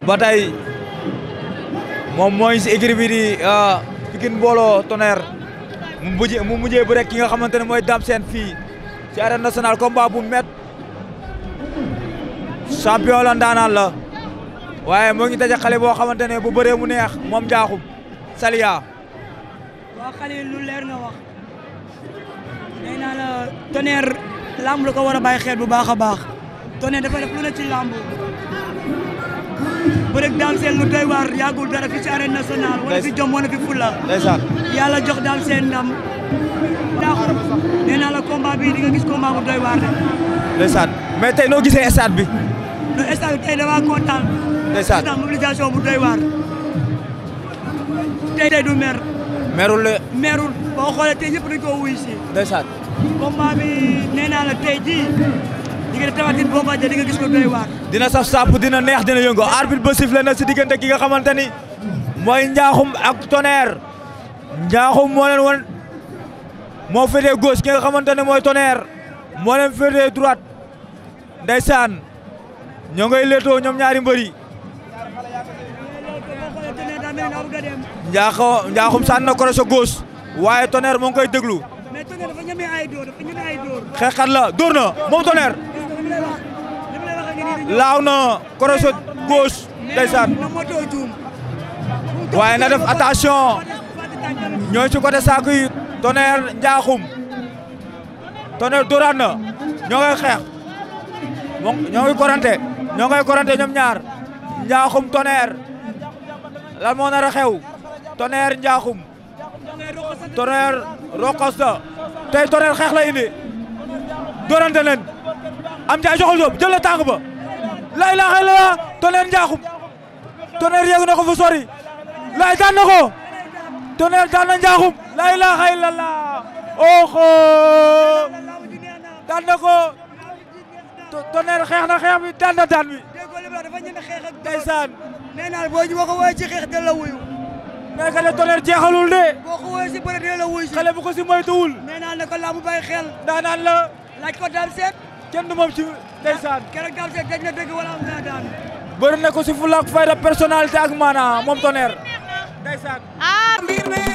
ba moom mooy si écurie bi di euh, Pikine Mbollo Tonnerre mu mujjee mu mujjee bu rek ki nga xamante ne mooy Dame Sène fii si arène nationale combat bu met champion la la waaye moo ngi daje xale boo xamante ne bu bëree mu neex moom jaaxum Saliya. waaw xale yi lu leer nga wax nee naa la Tonnerre lamb ko war a bàyyi xel bu baax a baax Tonnerre dafa def ci lamb. ba rek daam seen lu doy waar dara fi ci arène nationale fi jom wala fi fulla ndeysaan yàlla jox daam seen ndam daaxul nee naa bi di nga gis combat bu doy waar de ndeysaan mais tey noo gise stade bi no stade tey damaa kontaan ndeysaan mobilisation bu doy waar tey tey du mer merul la merul boo xoolee tey ñëpp dañ koo wuy si ndeysaan combat bi nee tey jii di nga def gis lu dina saf sàpp dina neex dina yëngu arbitre ba sifflé na si diggante ki nga xamante ni mooy njaaxum ak tonnerre njaaxum moo leen won moo féetee gauche ki nga xamante ne mooy tonnerre moo leen féetee droite ndeysaan ñoo ngay leetoo ñoom ñaari mbër yi. njaaxo njaaxum sànni na crochet gauche waaye tonnerre moo ngi koy déglu. xeexat la dóor na moom tonnerre. laaw na crochet gauche ndeysaan waaye na def attention ñooy ci côté saako yi Tonnerre Ndiakhoum Tonnerre dóoraan na ñoo ngay xeex ñoo korante ñoo korante ñoom ñaar Ndiakhoum Tonnerre lan moo a xew Tonnerre Ndiakhoum Tonnerre rokos na tey Tonnerre xeex la indi dóorante leen am jaay joxal yóbbu jël na ba lay laa xëy la Tonnerre njaaxum Tonnerre yéegu ko fu sori lay daan na ko Tonnerre daan na njaaxum lay laa xëy la laa daan na ko Tonnerre xeex na xeex bi daan na daan bi ndeysaan nee naa boo ñu waxee waaye ci xeex de la wuyu mais que ne Tonnerre de. boo ko woowee si bëre de la bu ko si moytuwul. nee naa ne ko laa mu bàyyi xel. daanaan la. kenn du moom ci ndeysaan. keroog daal see gëj na dëgg wala am ko si fulaak fayda personnalité ak maana moom Tonnerre